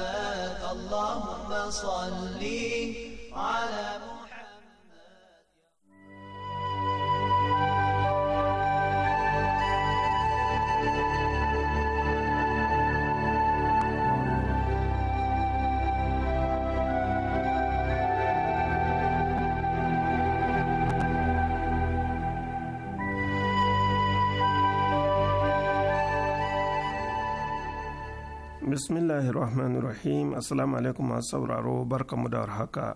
الرحمن اللهم صل على bismillahirrahmanirrahim assalamu alaikum masu sauraro barkamu da haka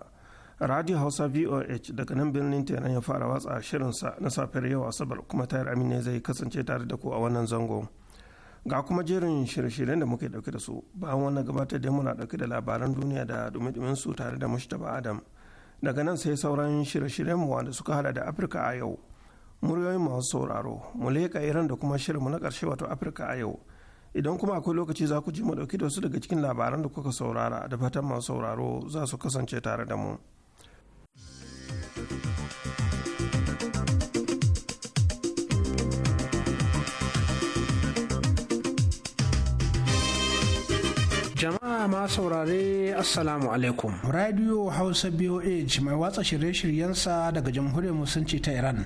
radio hausa voh daga nan birnin tenan ya fara watsa shirinsa na safiyar yau asabar kuma tayar amina zai kasance tare da ku a wannan zango ga kuma jerin shirye-shiryen da muke dauke da su bayan wannan gabatar da muna dauke da labaran duniya da dumi su tare da mushtaba adam daga nan sai sauran shirye-shiryen mu wanda suka hada da afirka a yau muryoyin masu sauraro mu leka iran da kuma shirin mu na karshe wato afirka a yau idan kuma akwai lokaci za ku ji mu dauki da wasu daga cikin labaran da kuka saurara da fatan masu sauraro za su kasance tare da mu. jama'a ma saurare assalamu alaikum radio hausa boh mai watsa shirye-shiryensa daga jamhuriyar musulunci ta iran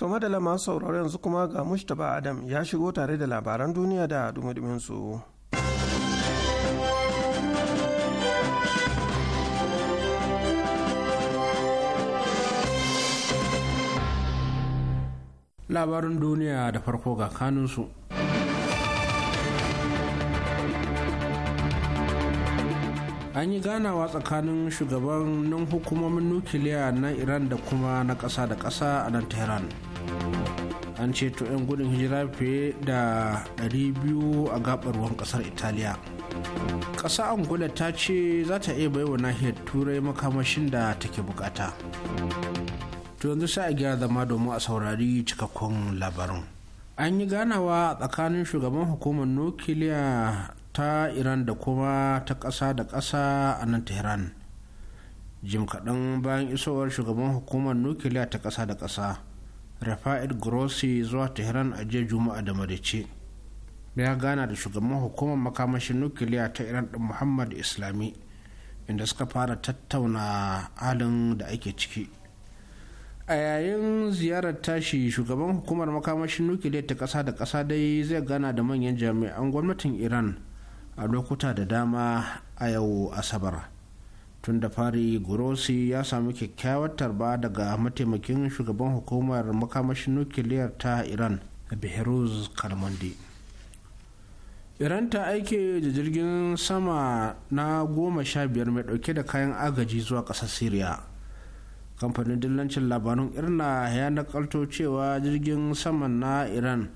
To madala masu sauraro yanzu kuma ga Mustapha Adam ya shigo tare da labaran duniya da dumudumin su. Labarin duniya da farko ga kanunsu. An yi ganawa tsakanin shugabannin hukumomin nukiliya na Iran da kuma na ƙasa da ƙasa a nan Tehran. an ceto 'yan gudun hijira fiye da 200 a gabar ruwan kasar italiya ƙasa angola ta ce za ta iya baiwa nahiyar turai makamashin da take bukata to yanzu sai a gyara zama domin a saurari cikakkun labarin an yi ganawa tsakanin shugaban hukumar nukiliya ta iran da kuma ta ƙasa da ƙasa a nan tehran jim kaɗan bayan isowar shugaban hukumar nukiliya ta ƙasa da ƙasa rafa'il grossi zuwa tehran a jiya juma'a da madace ya gana da shugaban hukumar makamashin nukiliya ta iran din muhammad islami inda suka fara tattauna halin da ake ciki a yayin ziyarar tashi shugaban hukumar makamashin nukiliya ta kasa da kasa dai zai gana da manyan jami'an gwamnatin iran a lokuta da dama a yau asabar. tun da fari gurosi ya sami kyakkyawar tarba daga mataimakin shugaban hukumar makamashin nukiliyar ta iran behruz kalmandi iran ta aike da jirgin sama na goma sha biyar mai dauke da kayan agaji zuwa kasar syria kamfanin dillancin labarun irna ya nakalto cewa jirgin sama na iran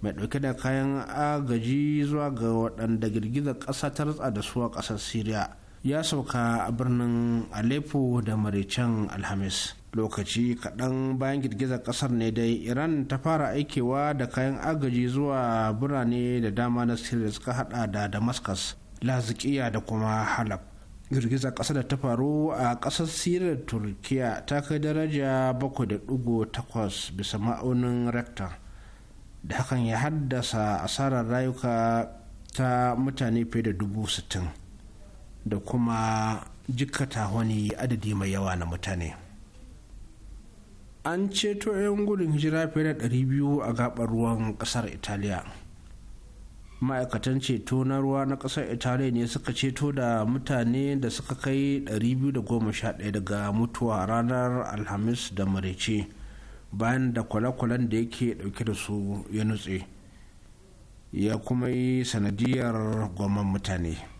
mai dauke da kayan agaji zuwa ga waɗanda girgizar ƙasa ta ratsa da su a ƙasar syria ya sauka a birnin aleppo da maricen alhamis lokaci kaɗan bayan girgizar ƙasar ne dai iran ta fara aikewa da kayan agaji zuwa birane da dama na syria suka hada da damascus lazikiya da kuma halab girgizar ƙasar da ta faru a ƙasar syria turkiya ta kai daraja 7.8 bisa ma'aunin rector da hakan ya haddasa asarar rayuka ta mutane fiye da dubu sittin. da kuma jikata wani adadi mai yawa na mutane an ceto 'yan gudun hijira fiye da 200 a gabar ruwan kasar italiya ma'aikatan ceto na ruwa na kasar italiya ne suka ceto da mutane da suka kai 211 daga mutuwa ranar alhamis da marece bayan da kwale-kwalen da yake dauke da su ya nutse ya kuma yi sanadiyar goma mutane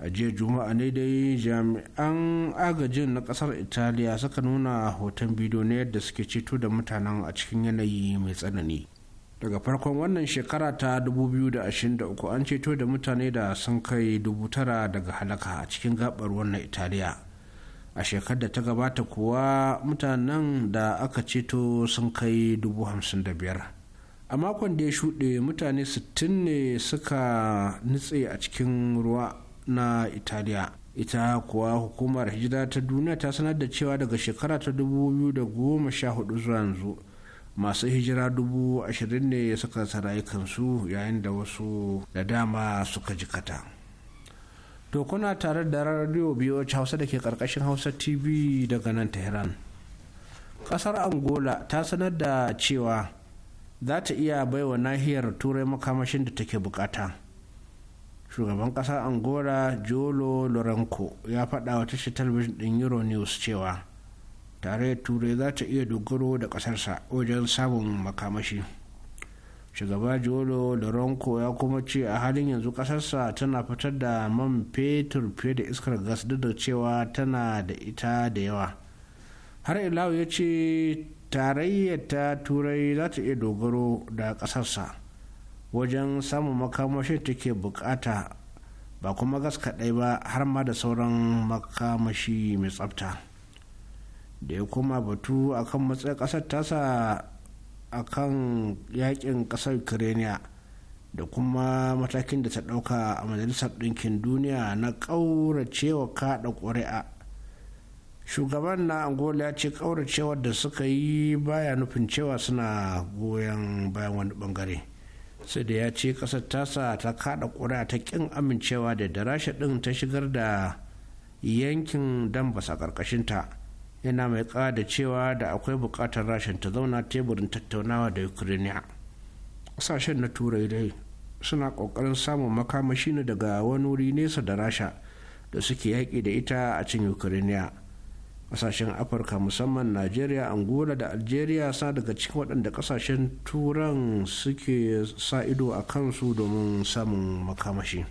a jiya juma'a ne dai jami'an agajin na kasar italiya suka nuna hoton bidiyo na yadda suke ceto da mutanen a cikin yanayi mai tsanani daga farkon wannan shekara ta 2023 an ceto da mutane da sun kai dubu tara daga halaka a cikin gabar wannan italiya a shekar da ta gabata kuwa mutanen da aka ceto sun kai dubu hamsin da biyar a makon da ya shuɗe mutane 60 ne suka nutse a cikin ruwa na italiya ita kuwa hukumar hijira ta duniya ta sanar da cewa daga shekara ta 2014 zuwa yanzu masu hijira dubu ashirin ne suka kansu yayin da wasu da dama suka jikata to kuna tare da radio biyu hausa da ke karkashin hausa tv daga nan tehran kasar angola ta sanar da cewa za ta iya baiwa nahiyar turai makamashin da take bukata shugaban kasar angola jolo lorenco ya faɗa wa tashar talabijin ɗin news cewa tare turai za ta iya dogaro da ƙasarsa wajen samun makamashi shugaba jolo lorenco ya kuma ce a halin yanzu ƙasarsa tana fitar da man fetur fiye da iskar gas duk da cewa tana da ita da yawa har ilawu ya ce tarayyar ta turai za ta iya dogaro da ƙasarsa wajen samun makamashi take bukata ba kuma gas kaɗai ba har ma da sauran makamashi mai tsafta da ya kuma batu a kan matsayin ƙasar tasa a kan yakin ƙasar ukraine da kuma matakin da ta ɗauka a majalisar ɗinkin duniya na ƙauracewa kaɗa ƙuri'a shugaban na angola ya ce ƙauracewar da suka yi baya nufin cewa suna goyon bayan wani ɓangare sai da ya ce kasar tasa ta kada kura ta ƙin amincewa da da rasha ta shigar da yankin dambas a ƙarƙashinta yana mai da cewa da akwai buƙatar rashin ta zauna teburin tattaunawa da ukraine ƙasashen na turai dai suna ƙoƙarin samun makamashi ne daga wani wuri nesa da rasha da suke yaƙi da ita a cin ukraine kasashen afirka musamman najeriya angola da algeria sa daga cikin waɗanda kasashen turan suke sa ido a kansu domin samun makamashi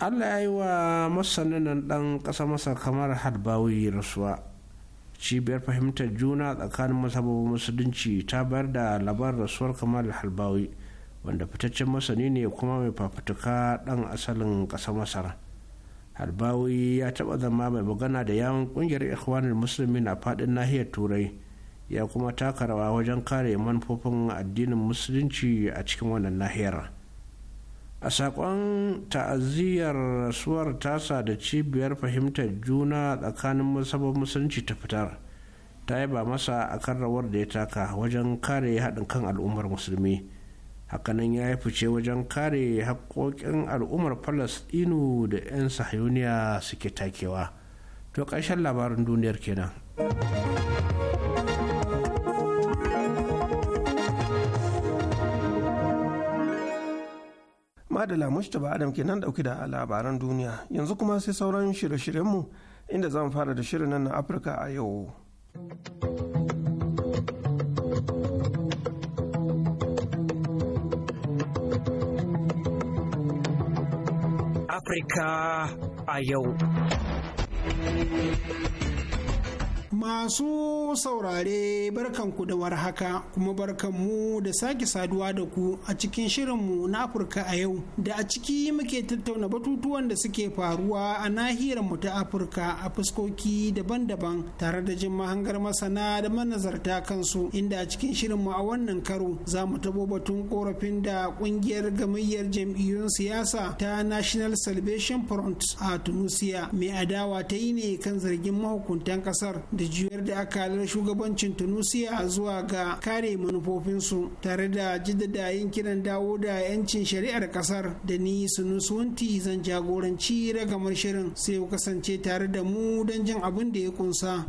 allah ya yi wa masanin ɗan ƙasa masa kamar harbawi rasuwa cibiyar fahimtar juna tsakanin masababin musulunci ta bayar da labar rasuwar kamar halbawi wanda fitaccen masani ne kuma mai fafutuka ɗan asalin ƙasar masar harbawi ya taɓa zama mai magana da yawon ƙungiyar ikhwanul musulmi a faɗin nahiyar turai ya kuma taka rawa wajen kare manufofin addinin musulunci a cikin wannan nahiyar a saƙon ta'aziyar rasuwar tasa da cibiyar fahimtar juna tsakanin musamman musulunci ta fitar ta yaba masa a kan rawar da ya taka wajen kare haɗin kan al'ummar musulmi hakanan ya yi fice wajen kare haƙoƙin al'ummar falasɗinu da 'yan sahayuniya suke takewa to ƙarshen labarin duniyar kenan madala mustapha adam kenan dauke da labaran duniya yanzu kuma sai sauran shirye-shiryenmu inda zan fara da shirin nan na afirka a yau Afirka Iyo. Masu saurare barkanku da warhaka kuma barkanmu da sake saduwa da ku a cikin shirinmu na Afirka a yau da a ciki muke tattauna batutuwan da suke faruwa a nahiyar mu ta Afirka a fuskoki daban-daban tare da jin mahangar masana da manazarta kansu inda a cikin shirinmu a wannan karo za mu tabo batun korafin da kungiyar gamayyar jam'iyyun siyasa ta National Salvation Front a Tunisia mai adawa ta yi ne kan zargin mahukuntan kasar da da juyar da akalar shugabancin tunisia a zuwa ga kare manufofinsu tare da jaddada yin kiran dawo da 'yancin shari'ar kasar da ni sunusunti zan jagoranci ragamar shirin sai kasance tare da mu don jin abin da ya kunsa.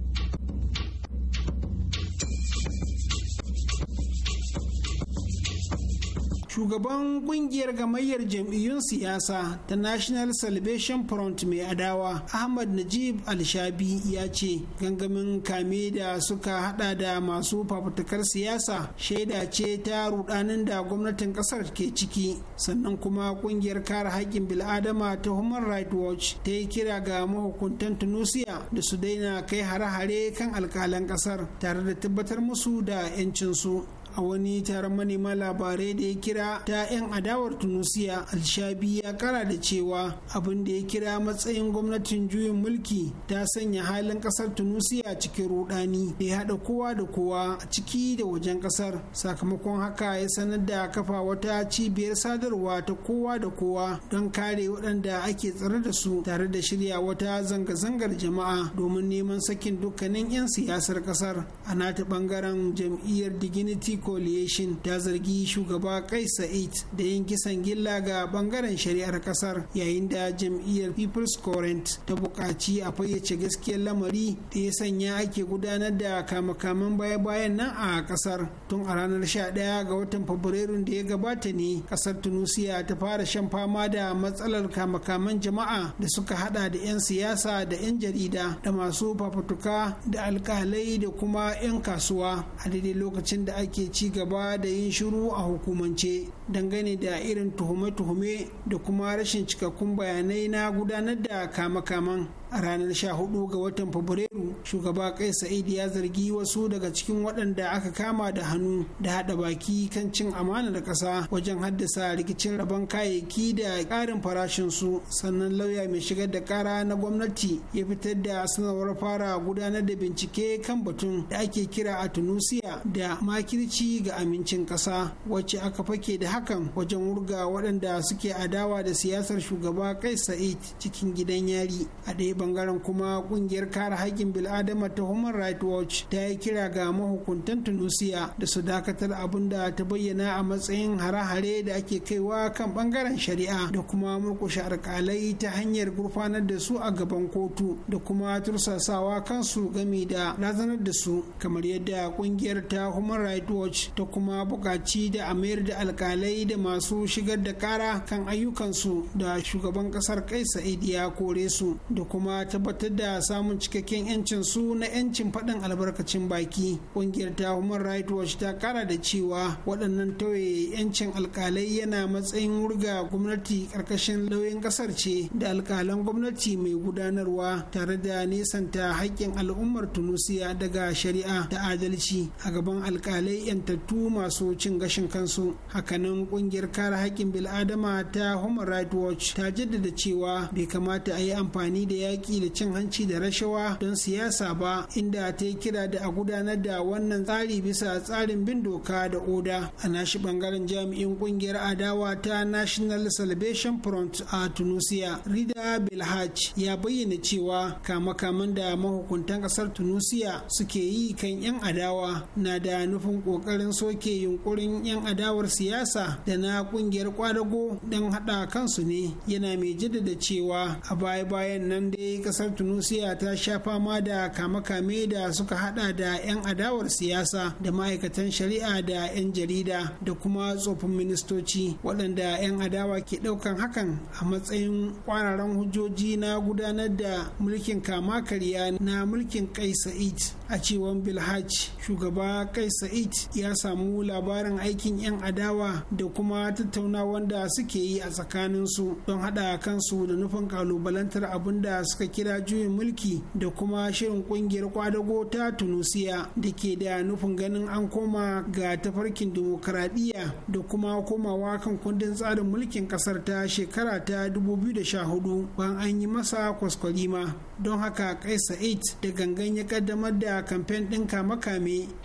shugaban kungiyar gamayyar jam'iyyun siyasa ta national salvation front mai adawa ahmad najib alshabi ya ce gangamin kame da suka hada da masu fafutukar siyasa shaida ce ta rudanin da gwamnatin kasar ke ciki sannan kuma kungiyar kare haƙƙin bil'adama ta human rights watch ta yi kira ga mahukuntan tunisia da su daina kai hare-hare kan alkalan kasar tare da tabbatar musu da 'yancinsu a wani taron manema labarai da ya kira ta 'yan adawar tunisia alshabi ya kara da cewa abin da ya kira matsayin gwamnatin juyin mulki ta sanya halin kasar tunisia cikin rudani da ya haɗa kowa da kowa a ciki da wajen kasar sakamakon haka ya sanar da kafa wata cibiyar sadarwa ta kowa da kowa don kare waɗanda ake tsare da su tare da shirya wata zanga-zangar jama'a domin neman sakin dukkanin 'yan siyasar kasar a nata bangaren jam'iyyar dignity coalition ta zargi shugaba kai sa'id da yin kisan gilla ga bangaren shari'ar kasar yayin da jam'iyyar people's current ta buƙaci a fayyace gaskiyar lamari da ya sanya ake gudanar da kamakaman baya-bayan nan a kasar tun a ranar 11 ga watan fabrairun da ya gabata ne kasar tunisia ta fara shan fama da matsalar kamakaman jama'a da suka hada da 'yan siyasa da 'yan jarida da masu fafutuka da alkalai da kuma 'yan kasuwa a daidai lokacin da ake ci gaba da yin shiru a hukumance dangane da irin tuhume-tuhume da kuma rashin cikakkun bayanai na gudanar da kama-kaman a ranar 14 ga watan fabrairu shugaba kai sa'id ya zargi wasu daga cikin waɗanda aka kama da hannu da haɗa baki kan cin amana da ƙasa wajen haddasa rikicin rabon kayayyaki da ƙarin farashinsu sannan lauya mai shigar da ƙara na gwamnati ya fitar da sanarwar fara gudanar da bincike kan batun da ake kira a tunusiya da makirci ga amincin ƙasa wacce aka fake da hakan wajen wurga waɗanda suke adawa da siyasar shugaba kai sa'id cikin gidan yari a ɗaya bangaren kuma kungiyar kare haƙƙin bil'adama ta human rights watch ta yi kira ga mahukuntan tunisia da su dakatar abin da ta bayyana a matsayin hare-hare da ake kaiwa kan bangaren shari'a da kuma murƙushe alkalai ta hanyar gurfanar da su a gaban kotu da kuma tursasawa kansu game da razanar da su kamar yadda kungiyar ta human rights watch ta kuma buƙaci da a mayar da alkalai da masu shigar da kara kan ayyukansu da shugaban ƙasar kai sa'id ya kore su da kuma kuma tabbatar da samun cikakken 'yancin su na 'yancin faɗin albarkacin baki ƙungiyar ta human rights watch ta kara da cewa waɗannan tauye 'yancin alkalai yana matsayin wurga gwamnati ƙarƙashin lauyin ƙasar ce da alkalan gwamnati mai gudanarwa tare da nesanta haƙƙin al'ummar tunusiya daga shari'a da adalci a gaban alkalai 'yantattu masu cin gashin kansu hakanan ƙungiyar kare haƙƙin bil'adama ta human rights watch ta jaddada cewa bai kamata a yi amfani da yaƙi yaƙi da cin hanci da rashawa don siyasa ba inda ta yi kira da a gudanar da wannan tsari bisa tsarin bin doka da oda a nashi bangaren jami'in ƙungiyar adawa ta national salvation front a tunisia rida Bilhaj ya bayyana cewa kama-kaman da mahukuntan kasar tunisia suke yi kan 'yan adawa na da nufin ƙoƙarin soke yunkurin 'yan adawar siyasa da na ƙungiyar ƙwadago don haɗa kansu ne yana mai jaddada cewa a baya-bayan nan dai dai kasar tunisia ta sha fama da kame-kame da suka hada da 'yan adawar siyasa da ma'aikatan shari'a da 'yan jarida da kuma tsofin ministoci waɗanda 'yan adawa ke ɗaukan hakan a matsayin kwararan hujjoji na gudanar da mulkin kama karya na mulkin kai sa'id a cewar bilhaj shugaba kai sa'id ya samu labarin aikin 'yan adawa da kuma tattaunawa wanda suke yi a tsakanin su don haɗa kansu da nufin kalubalantar abin da suka suka kira juyin mulki da kuma shirin kungiyar kwadago ta tunusiya da ke da nufin ganin an koma ga tafarkin dimokuraɗiyya da kuma komawa kan kundin tsarin mulkin kasar ta shekara ta 2014 ban an yi masa kwaskwalima don haka kai sa'id da gangan ya kaddamar da kamfen ɗin kame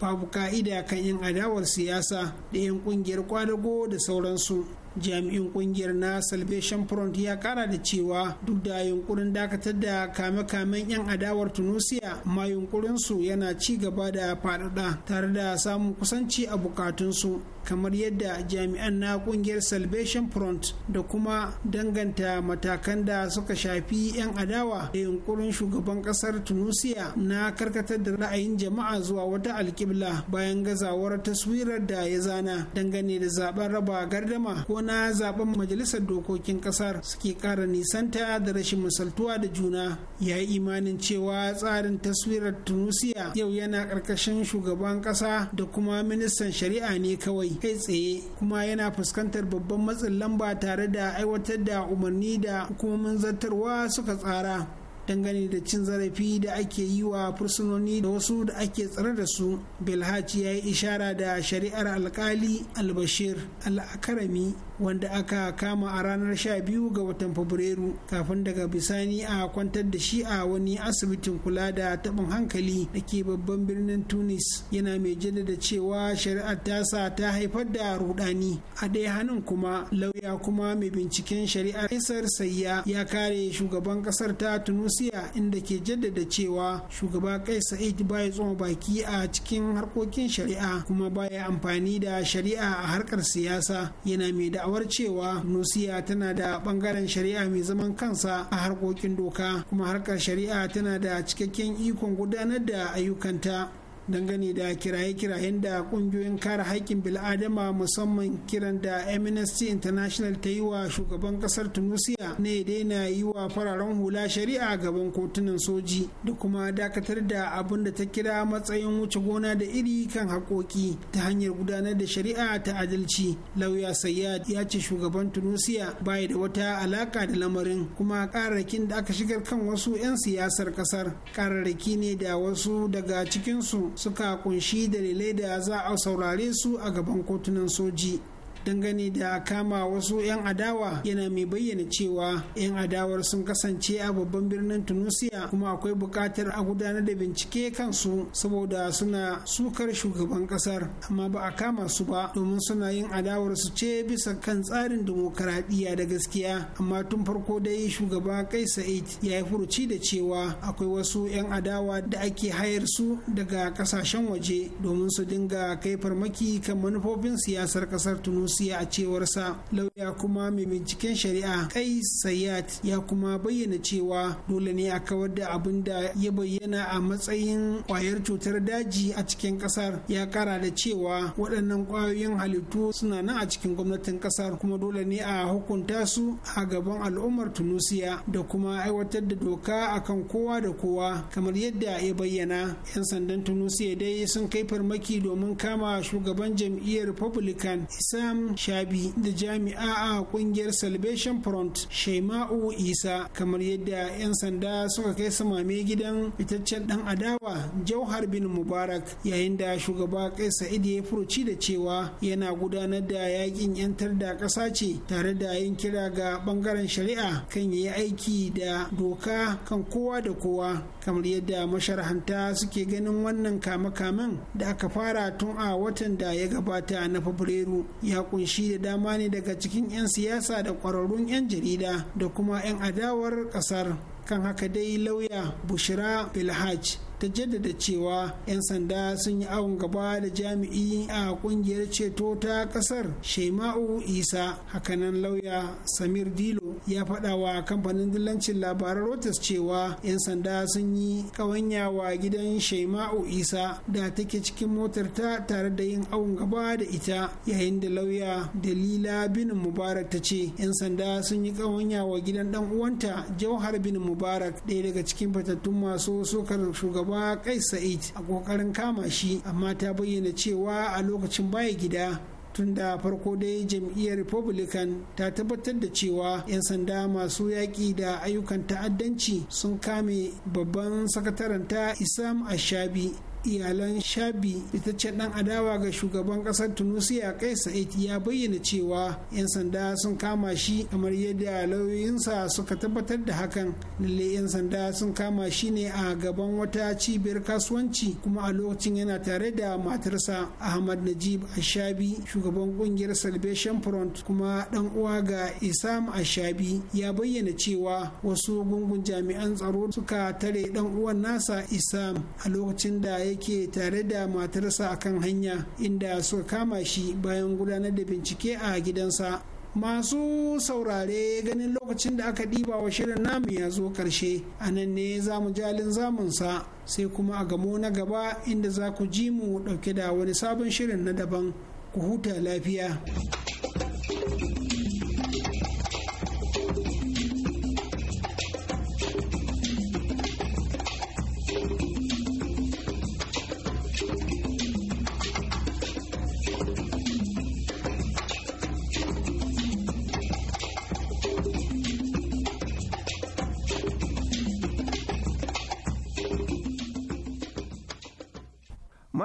babu ka'ida kan yin adawar siyasa da 'yan kungiyar kwadago da sauransu jami'in kungiyar na salvation front ya kara da cewa duk da yunkurin dakatar da kame-kamen 'yan adawar tunisia ma yunkurinsu yana ci gaba da faɗaɗa tare da samun kusanci a bukatunsu kamar yadda jami'an na kungiyar salvation front da kuma danganta matakan da suka shafi 'yan adawa da yunkurin shugaban kasar tunisia na karkatar da ra'ayin jama'a zuwa wata alkibla bayan gazawar taswirar da ya zana dangane da zaben raba gardama ko na zaben majalisar dokokin kasar suke kara nisanta da rashin misaltuwa da juna ya yi imanin cewa tsarin taswirar tunisia yau yana karkashin shugaban ƙasa da kuma ministan shari'a ne kawai kai tsaye kuma yana fuskantar babban matsin lamba tare da aiwatar da umarni da hukumomin zartarwa suka tsara dangane da cin zarafi da ake yi wa fursunoni da wasu da ake tsare da su belhaci ya yi ishara da shari'ar alkali albashir al'akarami wanda aka kama a ranar 12 ga watan fabrairu kafin daga bisani a kwantar da shi a wani asibitin kula da taɓin hankali da ke babban birnin tunis yana mai jaddada cewa shari'ar tasa ta haifar da rudani a ɗaya hannun kuma lauya kuma mai binciken shari'ar isar sayya ya kare shugaban ƙasar ta tunusiya inda ke jaddada cewa shugaba kai sa'id baya tsoma baki a cikin harkokin shari'a kuma baya amfani da shari'a a harkar siyasa yana mai da'awa da'awar cewa nusiya tana da bangaren shari'a mai zaman kansa a harkokin doka kuma harkar shari'a tana da cikakken ikon gudanar da ayyukanta dangane da kiraye-kirayen da kungiyoyin kare haƙƙin bil'adama musamman kiran da amnesty international ta yi wa shugaban ƙasar tunisia ne daina yi wa fararen hula shari'a gaban kotunan soji da kuma dakatar da abin da ta kira matsayin wuce gona da iri kan haƙoƙi ta hanyar gudanar da shari'a ta adalci lauya sayyad ya ce shugaban tunisia bai da wata alaƙa da lamarin kuma ƙararrakin da aka shigar kan wasu 'yan siyasar ƙasar ƙararraki ne da wasu daga cikinsu suka kunshi dalilai da za a saurare su a gaban kotunan soji dangane da kama wasu 'yan adawa yana mai bayyana cewa 'yan adawar sun kasance a babban birnin tunisia kuma akwai bukatar a gudanar da bincike kansu saboda suna sukar shugaban ƙasar amma ba a kama su ba domin suna yin adawar su ce bisa kan tsarin dimokuraɗiyya da gaskiya amma tun farko dai shugaba kai sa'id ya yi furuci da cewa akwai wasu 'yan adawa da ake hayar su daga ƙasashen waje domin su dinga kai farmaki kan manufofin siyasar ƙasar tunisia Sanusi a cewarsa lauya kuma mai binciken shari'a kai Sayyad ya kuma bayyana cewa dole ne a kawar da abin da ya bayyana a matsayin kwayar cutar daji a cikin kasar ya kara da cewa waɗannan kwayoyin halittu suna nan a cikin gwamnatin kasar kuma dole ne a hukunta su a gaban al'ummar Tunusiya da kuma aiwatar da doka akan kowa da kowa kamar yadda ya bayyana 'yan sandan Tunusiya dai sun kai farmaki domin kama shugaban jam'iyyar Republican Sam Shabi da jami'a a kungiyar Salvation Front Shaima'u Isa kamar yadda 'yan sanda suka kai samame gidan fitaccen dan adawa Jauhar bin Mubarak yayin da shugaba Kai Sa'id ya furuci da cewa yana gudanar da yakin 'yantar da ƙasa ce tare da yin kira ga bangaren shari'a kan yi aiki da doka kan kowa da kowa kamar yadda masharhanta suke ganin wannan kame-kamen da aka fara tun a watan da ya gabata na Fabrairu ya kunshi da dama ne daga cikin 'yan siyasa da kwararrun 'yan jarida da kuma 'yan adawar kasar kan haka dai lauya bushira bilhaj ta jaddada cewa 'yan sanda sun yi awon gaba da jami'i a kungiyar ceto ta kasar shema'u isa hakanan lauya samir dilo ya faɗa wa kamfanin dillancin labaran rotas cewa 'yan sanda sun yi ƙawanya wa gidan shema'u isa da take cikin motar ta tare da yin awon gaba da ita yayin da lauya dalila bin mubarak ta ce 'yan sanda sun yi ƙawanya wa gidan dan uwanta jauhar bin mubarak ɗaya daga cikin fatattun masu sukar shugaba wa kai sa'id a kokarin kama shi amma ta bayyana cewa a lokacin baya gida tun da farko dai jam'iyyar republican ta tabbatar da cewa 'yan sanda masu yaƙi da ayyukan ta'addanci sun kame babban sakataranta isam ashabi iyalan shabi ita ce dan adawa ga shugaban kasar tunisia kai sa'id ya bayyana cewa 'yan sanda sun kama shi kamar yadda lauyoyinsa suka tabbatar da hakan lalle 'yan sanda sun kama shi ne a gaban wata cibiyar kasuwanci kuma a lokacin yana tare da matarsa ahmad najib a shabi shugaban kungiyar salvation front kuma dan uwa ga isam a shabi ya bayyana cewa wasu gungun jami'an tsaro suka tare dan uwan nasa isam a lokacin da ya yake tare da matarsa a kan hanya inda suka kama shi bayan gudanar da bincike a gidansa masu saurare ganin lokacin da aka ɗiba wa shirin namu ya zo ƙarshe a nan ne za mu jalin zamunsa sai kuma a gamo na gaba inda za ku ji mu ɗauke da wani sabon shirin na daban ku huta lafiya.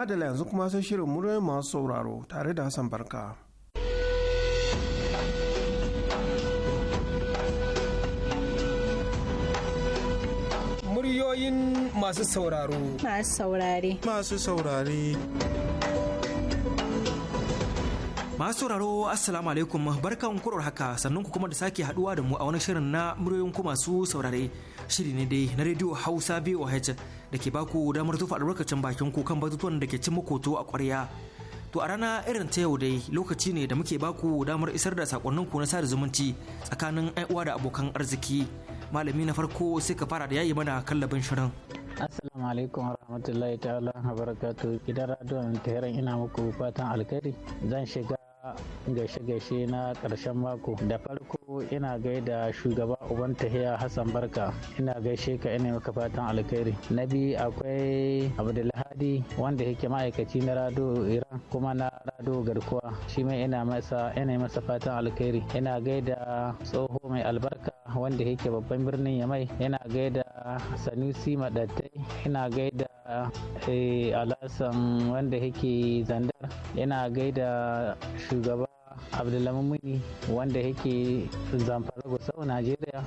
adala yanzu kuma sai shirin muryoyin masu sauraro tare da hassan barka muryoyin masu sauraro masu saurare masu saurare Masu sauraro Assalamu alaikum barkan kurar haka sannan ku kuma da sake haduwa da mu a wani shirin na muryoyin ku masu saurare shiri ne dai na rediyo Hausa VOH da ke baku damar tufa albarkacin bakin ku kan batutuwan da ke cin makoto a ƙwarya. To a rana irin ta yau dai lokaci ne da muke baku damar isar da sakonnin ku na sada zumunci tsakanin uwa da abokan arziki. Malami na farko sai ka fara da yayi mana kallabin shirin. Assalamu alaikum rahmatullahi ta'ala idan Gidan radiyon Tehran ina muku fatan alkhairi. Zan shiga gaishe-gaishe na ƙarshen mako da farko ina gaida shugaba uban tahiya hassan barka ina gaishe ka ina maka fatan alkhairi na biyu akwai abdulhadi wanda yake ma'aikaci na rado iran kuma na rado garkuwa shi mai ina masa ina masa fatan alkhairi ina gaida tsoho mai albarka wanda yake babban birnin yamai yana gaida sanusi madattai ina gaida eh, alasan wanda yake zandar ina gaida shugaba abdullamini wanda yake zamfara gusau najeriya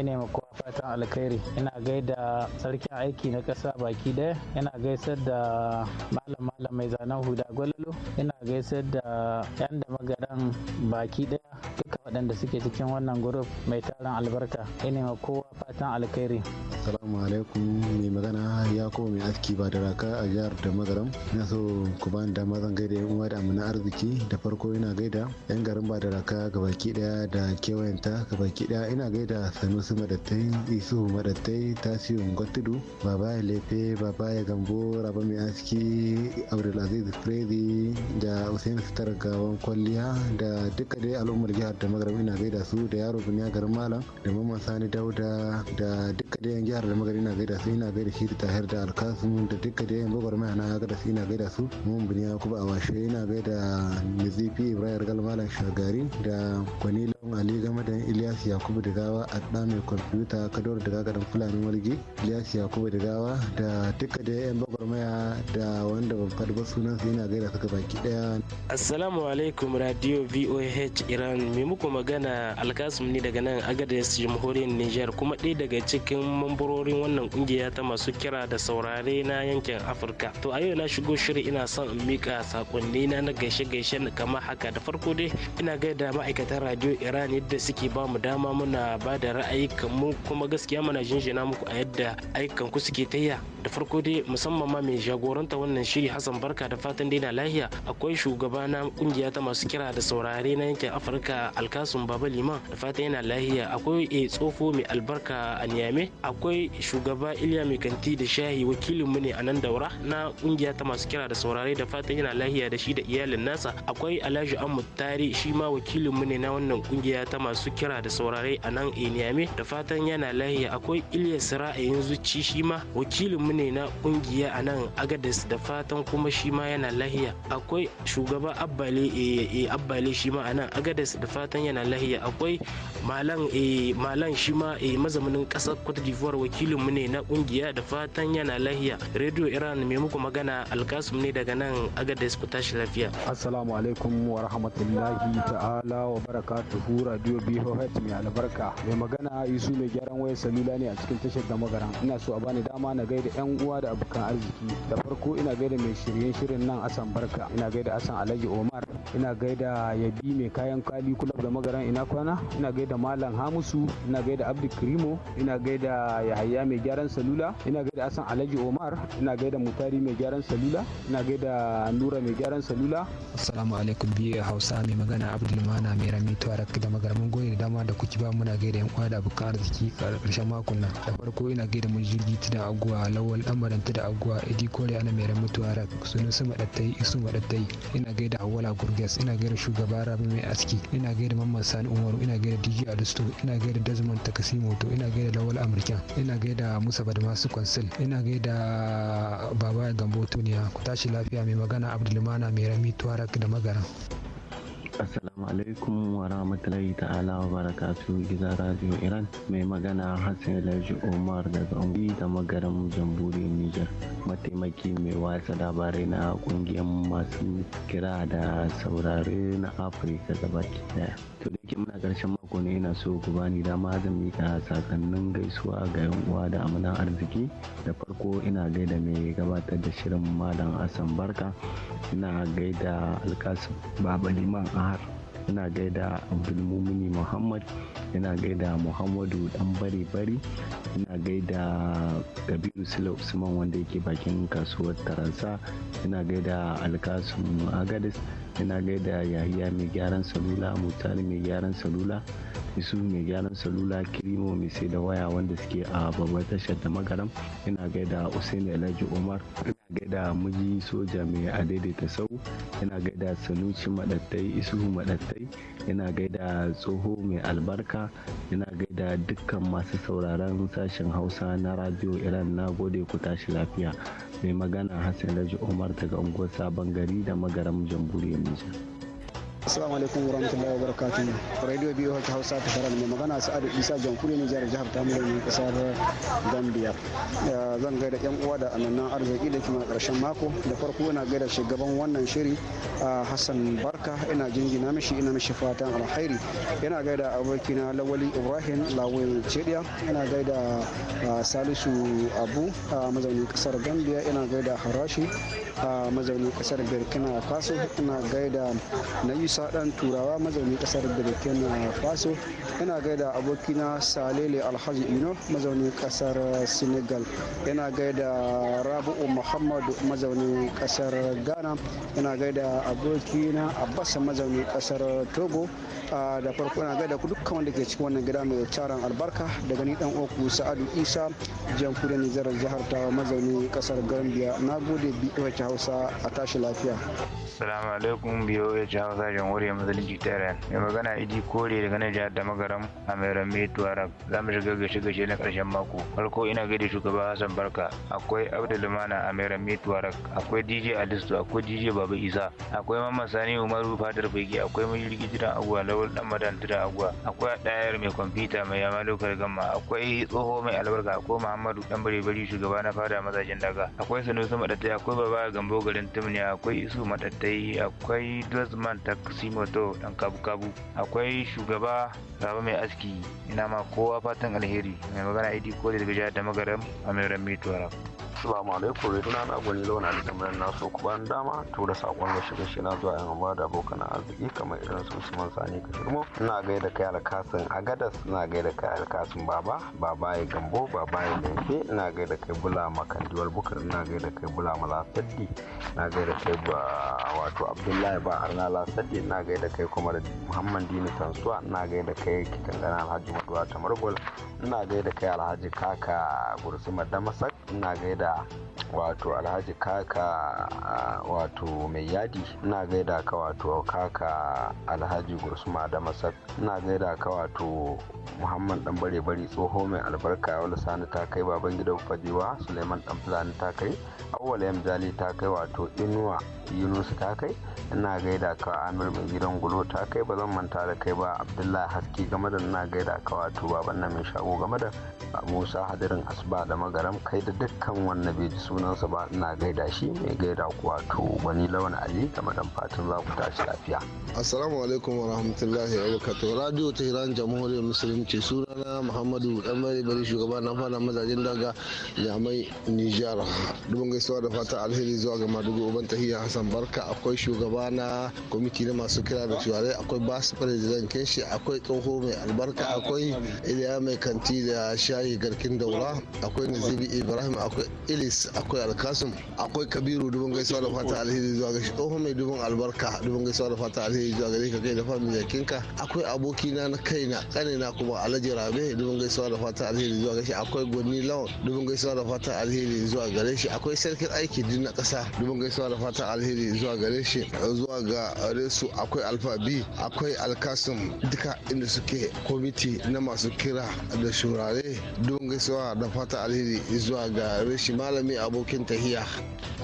ina makowa fatan alkhairi ina gaida sarkin aiki na ƙasa baki ɗaya ina gaisar da malam malam mai zanen huda gwalolo ina gaisar da yan da magaran baki ɗaya duka waɗanda suke cikin wannan group mai taron albarka ina ma kowa fatan alkhairi assalamu alaikum mai magana ya kuma mai aski ba da raka a jihar da magaram ina so ku bani dama zan gaida yan uwa da amina arziki da farko ina gaida yan garin ba da raka gabaki daya da kewayenta gabaki daya ina gaida sanusi madattai Isu madattai tasiyun gwatudu baba ya lefe baba ya gambo raba mai aski abdulaziz crazy da usain sitar gawan kwalliya da duka dai al'ummar jihar jihar da magaram ina gaida su da yaro ya garin malam da mamman sani dauda da dukkan da yan jihar da magaram ina gaida su ina gaida shi da tahir da alkasum da dukkan da yan bagwar mai na gaida su ina gaida su mun buniya kuma a washe ina gaida mizifi ibrahim gal malam shagari da kwani lawan ali game da ilyas yakubu da gawa da mai kwamfuta kadoro da gagarin fulani walgi ilyas yakubu da gawa da dukkan da yan bagwar mai da wanda ban faɗi ba sunan su ina gaida su suka baki daya assalamu alaikum radio voh iran mai muku magana alkasum ne daga nan agadez jamhuriyar niger kuma ɗaya daga cikin mambarorin wannan kungiya ta masu kira da saurare na yankin afirka to a yau na shigo shirin ina son in mika sakonni na na gaishe gaishe kamar haka da farko dai ina gaida ma'aikatan radio iran yadda suke ba mu dama muna ba da ra'ayikan mu kuma gaskiya muna jinjina muku a yadda ayyukan ku suke tayya da farko dai musamman ma mai jagoranta wannan shiri hassan barka da fatan dai na lahiya akwai shugaba na kungiya ta masu kira da saurare na yankin afirka alkasun baba liman da fata yana lahiya akwai e eh, tsofo mai albarka a niyame akwai shugaba iliya mai kanti da shahi wakilin mu ne a nan daura na kungiya ta masu kira da saurare da fata yana lahiya da shi da iyalin nasa akwai alhaji ahmad tari shi ma wakilin mu ne na wannan kungiya ta masu kira da saurare a nan e eh, niyame da fatan yana lahiya akwai ilyas ra'ayin zuci shi ma wakilin mu ne na kungiya a nan agadas da fatan kuma shi ma yana lahiya akwai shugaba abbale e eh, abbale shi ma a nan agadas da fatan yana lahiya akwai malam shima eh, shi ma eh, mazaunin kasar cote d'ivoire wakilin mu ne na kungiya da fatan yana lahiya radio iran mai muku magana alkasum ne daga nan agadez tashi lafiya assalamu alaikum wa rahmatullahi ta'ala wa barakatuhu radio bihoh mai albarka mai magana isu mai gyaran waya salula ne a cikin tashar da magana ina so a bani dama na gaida yan uwa da abokan arziki da farko ina gaida mai shirye shirin nan asan barka ina gaida asan alhaji omar ina gaida yabi mai kayan kwali Club da magaran ina kwana ina gaida Malam hamusu ina gaida Abdul Krimo ina gaida Yahaya mai gyaran salula ina gaida Asan Alhaji Omar ina gaida Mutari mai gyaran salula ina gaida Nura mai gyaran salula Assalamu alaikum biyu Hausa mai magana Abdul Mana mai rami Tuareg da magaramin goyi da dama da kuke ba muna gaida yan uwa da abokan karshen makon nan da farko ina gaida mun jirgi da aguwa lawal dan maranta da aguwa Idi Kore ana mai rami Tuareg sunan su madattai isu madattai ina gaida Hawala Gurgas ina gaida shugaba Rabi mai aski ina gaida mamman sani umaru ina gaida dj alisto ina gaida desmond moto ina gaida lawal amurkan ina gaida musa badmasu kwansil ina gaida baba gambo tuniya ku tashi lafiya mai magana abdulmana mai rami tuwarak da magana Assalamu alaikum wa rahmatullahi ta'ala wa barakatu gida Radio Iran mai magana Hassan Alhaji Omar daga Ungi da magaran jamhuriyar Niger mataimaki mai watsa labarai na kungiyar masu kira da saurare na Afirka gabaki daya. muna karshen mako ne yana so ku bani dama zan mika sakannin gaisuwa ga yan uwa da amanan arziki da farko ina gaida mai gabatar da shirin malam asan barka ina gaida alkasim babaliman a ahar ina gaida abdulmumini muhammad ina gaida muhammadu dan bari bari ina gaida kabiru sila usman wanda yake bakin kasuwar taransa ina gaida alkasun agadis ina gaida yahiya mai gyaran salula mutane mai gyaran salula isu mai gyaran salula kirimo mai sai da waya wanda suke a babbar tashar da magaram ina gaida usain alhaji umar gaida miji soja mai ta sau yana gaida sanuci madattai isuhu madattai yana gaida tsoho mai albarka yana gaida dukkan masu sauraron sashen hausa na radio iran na gode ku tashi lafiya mai magana hassan raju umar daga unguwar sabon gari da magaram jamhuriyar nijar Assalamu alaikum wa rahmatullahi wa barakatuhu. Radio biyu Hausa Hausa ta fara mai magana Sa'adu Isa Jamhuriyar ne jihar Jihar Tamil ne kasar Gambia. Zan gaida yan uwa da annan arziki da kuma karshen mako da farko ina gaida shugaban wannan shiri Hassan Barka ina jingina mishi ina mishi fatan alkhairi. Ina gaida abokina Lawali Ibrahim Lawal Cediya ina gaida Salisu Abu a mazaunin kasar Gambia ina gaida Harashi a mazaunin kasar Burkina Faso ina gaida na Yusuf Musa dan Turawa mazaunin kasar Burkina uh, Faso yana gaida abokina Salele Alhaji Ino mazaunin kasar Senegal yana gaida rabu'u Muhammadu mazaunin kasar Ghana yana gaida abokina Abbas mazaunin kasar Togo uh, da farko yana gaida dukkan wanda ke cikin wannan gida mai taron albarka daga ni dan uku Sa'adu Isa jamhuriyar Nijar jihar Tawa mazaunin kasar Gambia na gode BOH Hausa a tashi lafiya. Assalamu alaikum BOH Hausa jamhuriyar musulunci ta iran mai magana idi kore daga nan jihar da a mai rame za mu shiga gashe gashi na karshen mako farko ina gaida shugaba hassan barka akwai abdulmana a mai rame tuareg akwai dj alistu akwai dj baba isa akwai mamman sani umaru fadar fage akwai mulki jiran agwa lawal dan madan tuda agwa akwai dayar mai kwamfuta mai yama lokar gama akwai tsoho mai albarka akwai muhammadu dan bare shugaba na fada mazajen daga akwai sanusi madattai akwai baba gambo garin timniya akwai isu madattai akwai dozman tak kasimoto dan kabu-kabu akwai shugaba raba mai aski ina ma kowa fatan alheri mai magana idi kodi daga jihar da magaram a mai ran mituwar Assalamu alaikum rai tunana gwani launa da kamar nasu ku bayan dama da sakon da shiga shi na zuwa yan amma da abokan arziki kamar irin su Usman Sani Kashirmo ina da kai alkasin Agadas ina da kai alkasin Baba Baba ya Gambo Baba ya Danke ina da kai Bula Makandiwal Bukar ina da kai Bula Malafaddi ina da kai ba wato Abdullahi ba Arna Lasadi ina gaida kai kuma da muhammad dini tansuwa ina gaida kai kitangana alhaji maduwa ta na ina gaida kai alhaji kaka gursuma damasak ina gaida wato alhaji kaka ah, wato mai yadi ina gaida ka wato kaka alhaji gursuma damasak ina gaida ka wato muhammad dan bare bari tsoho mai albarka wala sani ta kai baban gidan fajewa suleiman dan fulani ta kai awwal yamjali ta kai wato inuwa yunus ta kai ina gaida ka amir mai gidan gulo ta kai ba zan manta da kai ba abdullahi haske game da ina gaida ka wato baban nan mai shago game da musa hadirin asuba da magaram kai da dukkan wanda bai sunansa ba ina gaida shi mai gaida ku wato wani lawan ali game da fatan za ku tashi lafiya assalamu alaikum wa rahmatullahi wa barakatuh radio tehran jamhuriyar musulunci sunana muhammadu dan mai bari shugaba na fara mazajen daga jami'ai nijar dubin gaisuwa da fata alheri zuwa ga madugu uban tahiya hasan barka akwai shugaba shugaba na kwamiti na masu kira da shuwarai akwai basu president kenshi akwai tsoho mai albarka akwai iliya mai kanti da shayi garkin daura akwai nazibi ibrahim akwai ilis akwai alkasum akwai kabiru dubin gaisuwa da fata alheri zuwa ga tsoho mai dubin albarka dubin gaisuwa da fata alheri zuwa gare ka kai da famin yakinka akwai abokina na kaina kanina kuma alhaji rabe dubin gaisuwa da fata alheri zuwa gare shi akwai gwani lawan dubin gaisuwa da fata alheri zuwa gare shi akwai sarkin aiki din na kasa dubin gaisuwa da fata alheri zuwa gare shi zuwa ga resu akwai alfabi akwai alkasim duka inda suke kwamiti na masu kira da shurare don gaisuwa da fata alheri zuwa ga reshi malami abokin tahiya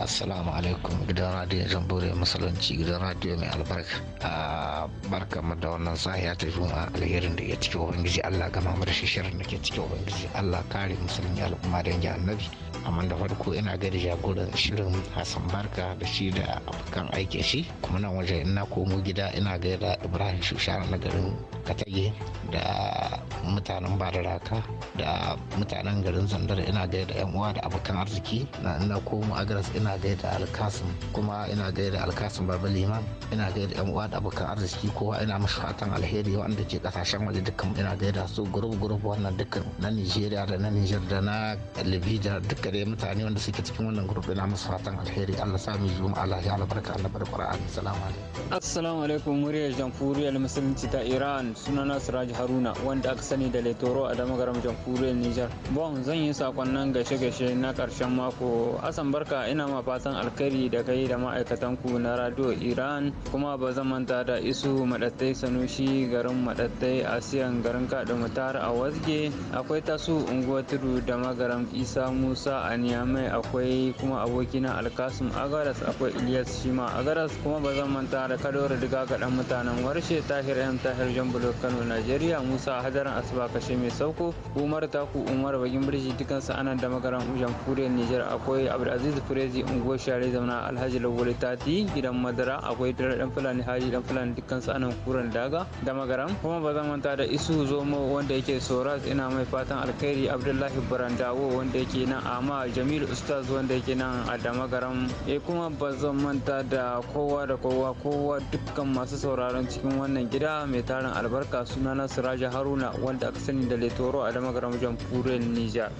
assalamu alaikum gidan radiyo bore musulunci gidan radiyo mai albarka a ah, barka mu da wannan sahiya ta ma alherin da ke cikin ubangiji allah gama mu da shishirin da ke cikin ubangiji allah kare musulmi al'umma da yanke annabi amman da farko ina gari jagoran shirin hassan barka da shi da abokan aiki shi kuma nan waje ina komo gida ina gaida ibrahim shushana na garin katage da mutanen bararaka da mutanen garin zandar ina gaida yan uwa da abokan arziki na ina komo agras ina gaida alkasim kuma ina gaida alkasim baba liman ina gaida yan uwa da abokan arziki kowa ina mashi fatan alheri wanda ke kasashen waje dukkan ina gaida su gurub gurub wannan dukkan na nigeria da na niger da na libya da dukkan ya mutane wanda suke cikin wannan ina musu fatan alheri Allah sa mu Allah ya albarka Allah bar Qur'an assalamu alaikum assalamu alaikum muryar jamhuriyar musulunci ta Iran sunana Siraj Haruna wanda aka sani da Letoro a damagaram jamhuriyar Niger bon zan yi sakonnan gaishe-gaishe na karshen mako asan barka ina ma fatan alkhairi da kai da ma'aikatan ku na radio Iran kuma ba zan manta da isu madattai sanushi garin madattai asiyan garin kaɗa mutar a wasge akwai tasu unguwar tudu da magaram isa musa a Niyamai akwai kuma abokina Alkasum Agaras akwai Ilyas Shima Agaras kuma ba zan manta da Kadoro Diga ga dan mutanen Warshe Tahir yan Tahir Jambulo Kano Najeriya Musa Hadaran Asuba Kashe Mai Sauko Umar Taku Umar Bagin Birji dukansu anan da magaran kuriyar Nijar akwai Abdulaziz Firezi Unguwar Share Zamna Alhaji Lawal Tati gidan Madara akwai Dare Dan Fulani Haji Dan Fulani dukansu anan Kuran Daga da magaran kuma ba zan manta da Isu Zomo wanda yake Soras ina mai fatan alkhairi Abdullahi Barandawo wanda yake nan amma kuma jamilu ustaz wanda yake nan a damagaram ya eh, kuma ba zan manta da kowa da kowa kowa dukkan masu sauraron cikin wannan gida mai tarin albarka suna na siraja haruna wanda aka sani da letoro a damagaram jamhuriyar nijar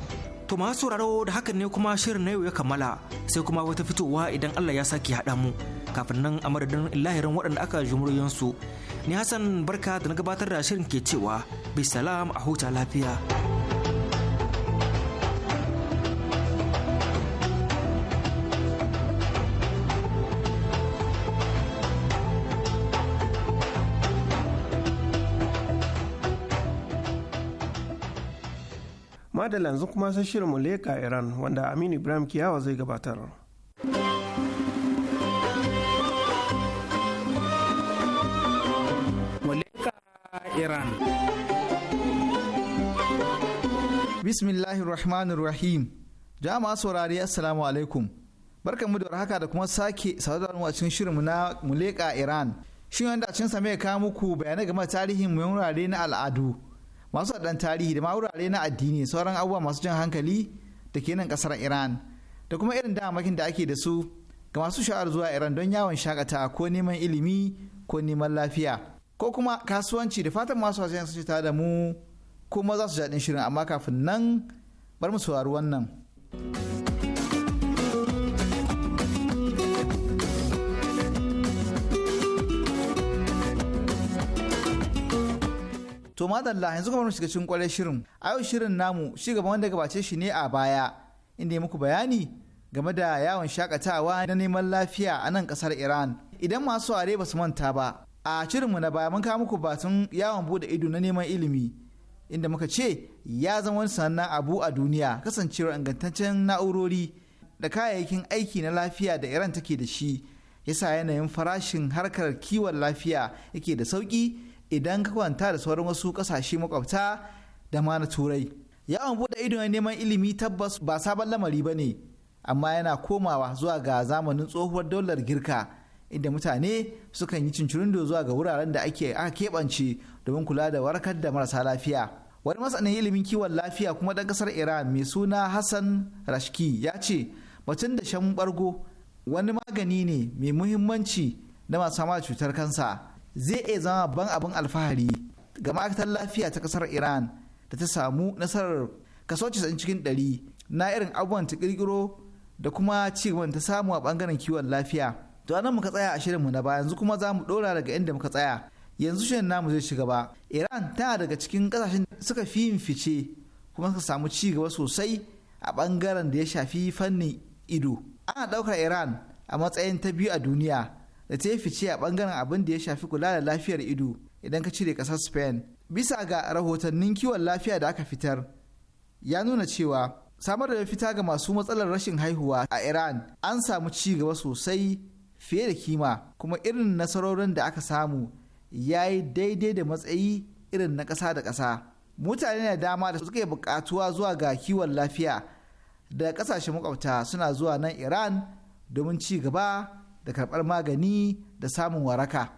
To masu sauraro da hakan ne kuma shirin na yau ya kammala sai kuma wata fitowa idan Allah ya sake haɗa mu kafin nan a madadin lahirin waɗanda aka su Ni Hassan barka da na gabatar da shirin ke cewa bisalam a huta lafiya. amma da yanzu kuma sai shirin mu leka iran wanda aminu ibrahim kiyawa zai gabatar iran bismillahir rahmanir rahim jama'a saurari assalamu alaikum mu da warhaka da kuma sake saduwa a cikin shirinmu na muleka iran shin wanda a cikin sa kawo muku bayanai game tarihin muyan na al'adu masu haɗan tarihi da wurare na addini sauran abubuwa masu jan hankali da ke nan ƙasar iran da kuma irin damakin da ake da su ga masu sha'ar zuwa iran don yawon shakata ko neman ilimi ko neman lafiya ko kuma kasuwanci da fatan masu wasu sun ta da mu kuma za su jaɗin shirin amma kafin nan bar mu saurari wannan. To madalla yanzu kamar shiga cikin kwarai shirin. A yau shirin namu shi gaba wanda gabace shi ne a baya inda ya muku bayani game da yawon shakatawa na neman lafiya a nan kasar Iran. Idan masu are ba su manta ba. A shirinmu na baya mun kawo muku batun yawon bude ido na neman ilimi. Inda muka ce ya zama wani sannan abu a duniya kasancewar ingantaccen na'urori da kayayyakin aiki na lafiya da Iran take da shi. yasa yanayin farashin harkar kiwon lafiya yake da sauki idan ka kwanta da sauran wasu kasashe makwabta da ma na turai yawon bude ido na neman ilimi tabbas ba sabon lamari ba ne amma yana komawa zuwa ga zamanin tsohuwar dollar girka inda mutane sukan yi cincirindo zuwa ga wuraren da ake aka keɓance domin kula da warkar da marasa lafiya wani masanin ilimin kiwon lafiya kuma dan kasar iran mai suna hassan rashki ya ce batun da shan bargo wani magani ne mai muhimmanci na masu da cutar kansa zai iya zama ban abin alfahari ga ma'aikatar lafiya ta kasar iran da ta samu nasarar kaso 90 cikin 100 na irin abubuwan ta kirkiro da kuma cigaban ta samu a bangaren kiwon lafiya to anan muka tsaya a shirinmu na baya yanzu kuma za mu dora daga inda muka tsaya yanzu shirin namu zai shiga ba iran tana daga cikin kasashen suka fi yin fice kuma suka samu ci gaba sosai a bangaren da ya shafi fannin ido ana ɗaukar iran a matsayin ta biyu a duniya da ta yi fice a bangaren abin da ya shafi kula da lafiyar ido idan ka cire kasar spain bisa ga rahotannin kiwon lafiya da aka fitar ya nuna cewa samar da fita ga masu matsalar rashin haihuwa a iran an samu ci gaba sosai fiye da kima kuma irin nasarorin da aka samu ya yi daidai da matsayi irin na ƙasa da ƙasa mutane da dama da suke buƙatuwa zuwa ga kiwon lafiya da ƙasashen makwabta suna zuwa nan iran domin ci gaba da karɓar magani da samun waraka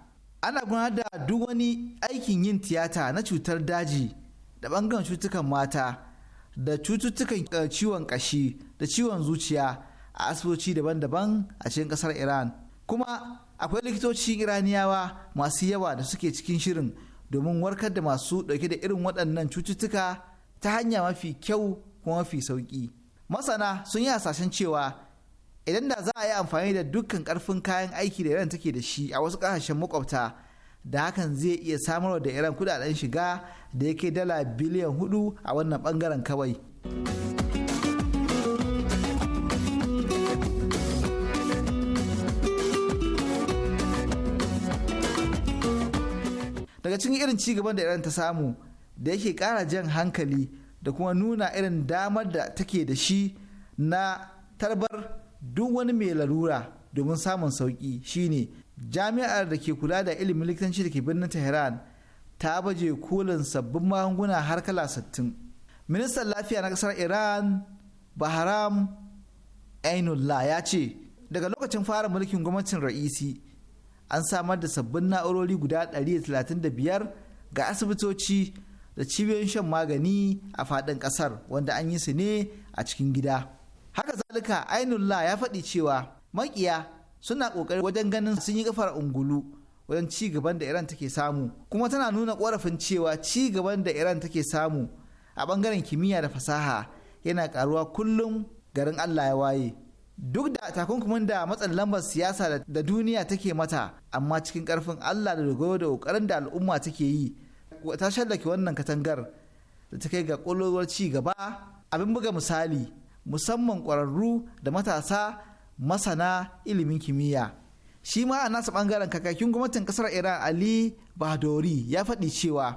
ana gudanar da duk wani aikin yin tiyata na cutar daji da ɓangaren cutukan mata da cututtukan eh, ciwon ƙashi da ciwon zuciya a asibitoci daban-daban a cikin ƙasar iran kuma akwai likitoci iraniyawa masu yawa da suke cikin shirin domin warkar da masu ɗauke da irin waɗannan cututtuka ta hanya mafi kyau kuma mafi sauƙi masana sun yi hasashen cewa idan da za a yi amfani da dukkan karfin kayan aiki da iran take da shi a wasu kasashen makwabta da hakan zai iya samarwa da iran kudaden shiga da yake dala biliyan hudu a wannan bangaren kawai daga cikin irin cigaban da iran ta samu da yake kara jan hankali da kuma nuna irin damar da take da shi na tarbar duk wani mai larura domin samun sauƙi shine jami'ar da ke kula da ilimin likitanci da ke birnin tehran ta baje kolin sabbin magunguna har kala 60 ministan lafiya na kasar iran bahram ainullah ya ce daga lokacin fara mulkin gwamnatin ra'isi an samar da sabbin na'urori guda 135 ga asibitoci da cibiyoyin shan magani a faɗin ƙasar wanda an yi su ne a cikin gida. haka zalika ainullah ya faɗi cewa makiya suna ƙoƙari wajen ganin sun yi kafar ungulu wajen ci gaban da iran take samu kuma tana nuna ƙorafin cewa ci gaban da iran take samu a ɓangaren kimiyya da fasaha yana karuwa kullum garin allah ya waye duk da takunkumin da matsan lambar siyasa da duniya take mata amma cikin ƙarfin allah da dogaro da ƙoƙarin da al'umma take yi ta shallake wannan katangar da ta kai ga ƙololuwar ci gaba abin buga misali musamman ƙwararru da matasa masana ilimin kimiyya shi ma a nasa ɓangaren kakakin gwamnatin ƙasar iran ali bahdori ya faɗi cewa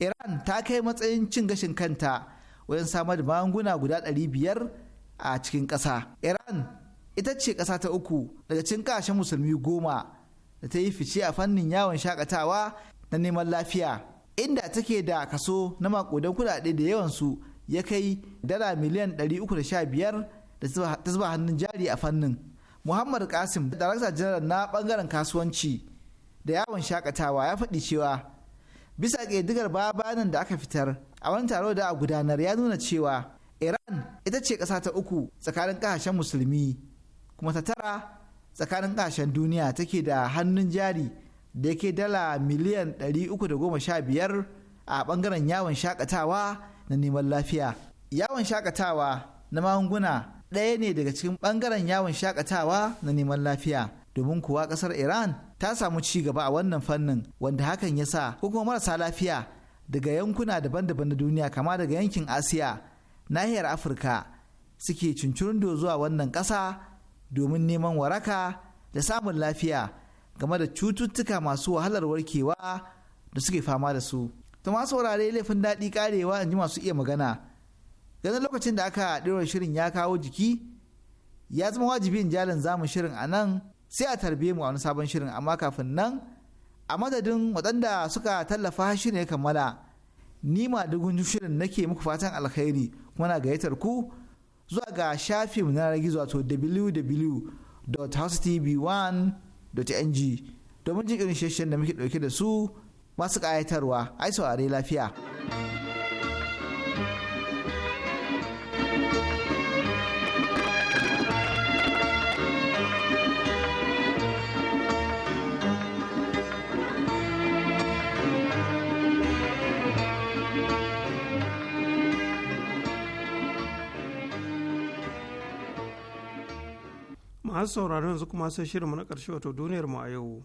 iran ta kai matsayin cin gashin kanta wajen samar da magunguna guda 500 a cikin ƙasa iran ita ce ƙasa ta uku daga cikin ƙasashen musulmi goma da ta yi fice a fannin yawon shakatawa na neman lafiya inda take da kaso na makudan kudade da yawansu ya kai dala miliyan 315 da ta zuba hannun jari a fannin muhammad kasim da darakta janar na bangaren kasuwanci da yawon shakatawa ya faɗi cewa bisa ƙididdigar babanan da aka fitar a wani taro da a gudanar ya nuna cewa iran ita ce ƙasa ta uku tsakanin ƙasashen musulmi kuma ta tara tsakanin ƙasashen duniya take da hannun jari da yake dala miliyan 315 a bangaren yawon shakatawa na neman lafiya yawon shakatawa na magunguna ɗaya ne daga cikin ɓangaren yawon shakatawa na neman lafiya domin kuwa ƙasar iran ta samu ci gaba a wannan fannin wanda hakan ya sa ko marasa lafiya daga yankuna daban-daban na duniya kama daga yankin asiya nahiyar afirka suke cincirindo zuwa wannan ƙasa domin neman waraka da samun lafiya game da cututtuka masu wahalar warkewa da suke fama da su ta ma saurare laifin daɗi karewa in ji masu iya magana ganin lokacin da aka ɗora shirin ya kawo jiki ya zama wajibi in jalin zamu shirin a nan sai a tarbe mu a wani sabon shirin amma kafin nan a madadin waɗanda suka tallafa shirin ya kammala ni ma dugun shirin nake muku fatan alkhairi kuma na gayyatar ku zuwa ga shafin na gizo wato www.housetv1.ng domin jin irin shirin da muke ɗauke da su masu ƙayatarwa ai saurare lafiya. masu sauraron yanzu kuma sai shirinmu na ƙarshe wato duniyar mu a yau.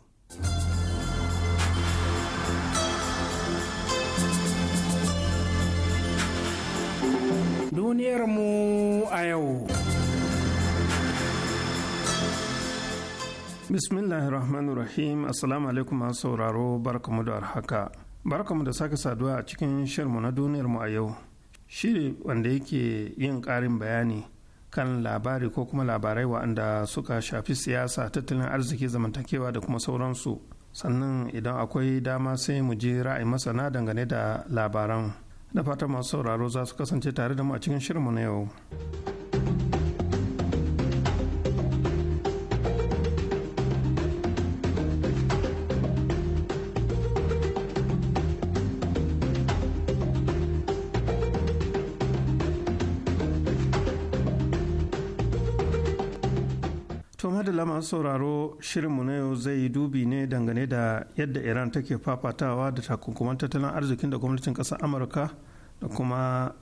duniyar mu a yau. rahim Assalamu alaikum masu sauraro barkamu da haka. Barkamu da sake saduwa a cikin shirmu na duniyar mu a yau. Shiri wanda yake yin ƙarin bayani kan labari ko kuma labarai waɗanda suka shafi siyasa tattalin arziki zamantakewa da kuma sauransu. Sannan idan akwai dama sai mu ji ra'ayi masana dangane da labaran. da fatan masu sauraro za su kasance tare da mu a cikin shirinmu na yau. madalla masu sauraro shirinmu na yau zai yi dubi ne dangane da yadda iran take fafatawa da takunkuman tattalin arzikin da gwamnatin kasar amurka da kuma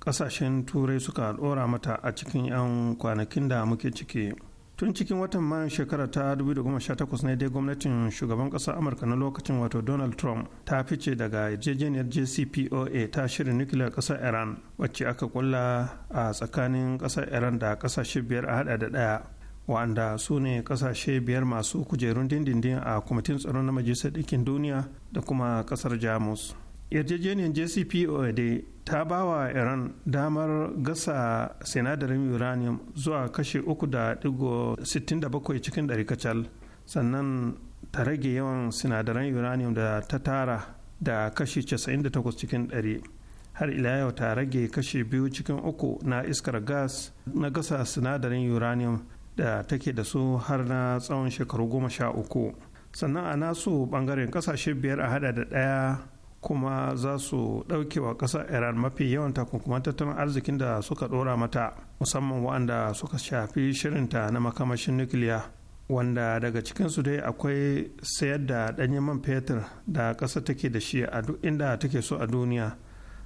ƙasashen turai suka dora mata a cikin 'yan kwanakin da muke ciki tun cikin watan mayan shekara ta 2018 ne dai gwamnatin shugaban kasar amurka na lokacin wato donald trump ta fice daga yarjejeniyar jcpoa ta shirin nukiliyar ƙasar iran wacce aka kulla a tsakanin ƙasar iran da ƙasashe biyar a hada da ɗaya wanda su ne kasashe biyar masu kujerun dindindin a kwamitin tsaron na majalisar ɗinkin duniya da kuma ƙasar jamus yarjejeniyar jcpoa da ta ba wa iran damar gasa sinadarin uranium zuwa kashe 3.67 cikin dari kacal sannan ta rage yawan sinadaran uranium da ta tara da kashi 98 cikin dari har ila yau ta rage kashi biyu cikin uku na iskar gas na gasa sinadarin uranium da take da su har na tsawon shekaru goma sha uku sannan a nasu bangaren kasashe biyar a hada da ɗaya kuma za su ɗauke wa ƙasa iran mafi yawan takunkuman tattalin arzikin da suka ɗora mata musamman waɗanda suka shafi shirinta na makamashin nukiliya wanda daga cikinsu dai akwai sayar da ɗanyen man fetur da ƙasa take da shi a duk inda take so a duniya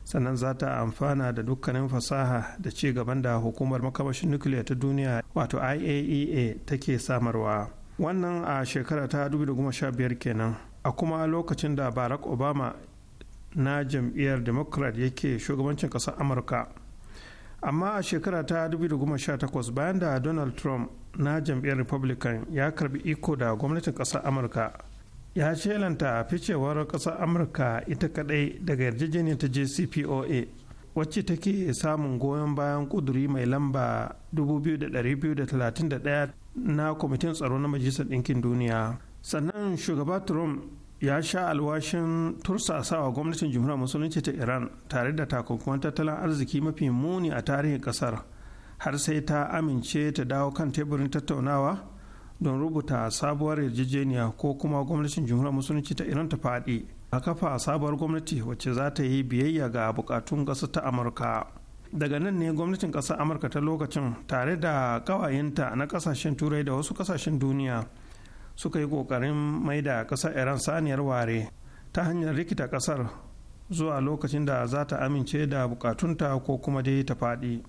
sannan za ta amfana da dukkanin fasaha da ci gaban da hukumar makamashin nukiliya ta duniya wato iaea e take samarwa wannan a shekara ta 2015 kenan a kuma lokacin da barack obama na jam'iyyar democrat yake shugabancin ƙasar amurka amma a shekara ta 2018 bayan da donald trump na jam'iyyar republican ya karbi iko da gwamnatin ƙasar amurka ya shelanta ficewar ƙasar amurka ita kadai daga yarjejeniyar ta jcpoa wacce take samun goyon bayan kuduri mai lamba 2231 na kwamitin tsaro na majalisar ɗinkin duniya sannan shugaba trump ya sha alwashin tursasawa gwamnatin jimhuriyar musulunci ta iran tare da takunkuman tattalin arziki mafi muni a tarihin kasar har sai ta amince ta dawo kan teburin tattaunawa don rubuta sabuwar yarjejeniya ko kuma gwamnatin jamhuriyar musulunci ta iran ta faɗi a kafa sabuwar gwamnati wacce za ta yi biyayya ga bukatun ƙasa ta amurka daga nan ne gwamnatin ƙasar amurka ta lokacin tare da ƙawayenta na ƙasashen turai da wasu ƙasashen duniya suka yi ƙoƙarin mai da ƙasar iran saniyar ware ta hanyar rikita ƙasar zuwa lokacin da za ta amince da bukatunta ko kuma dai ta faɗi.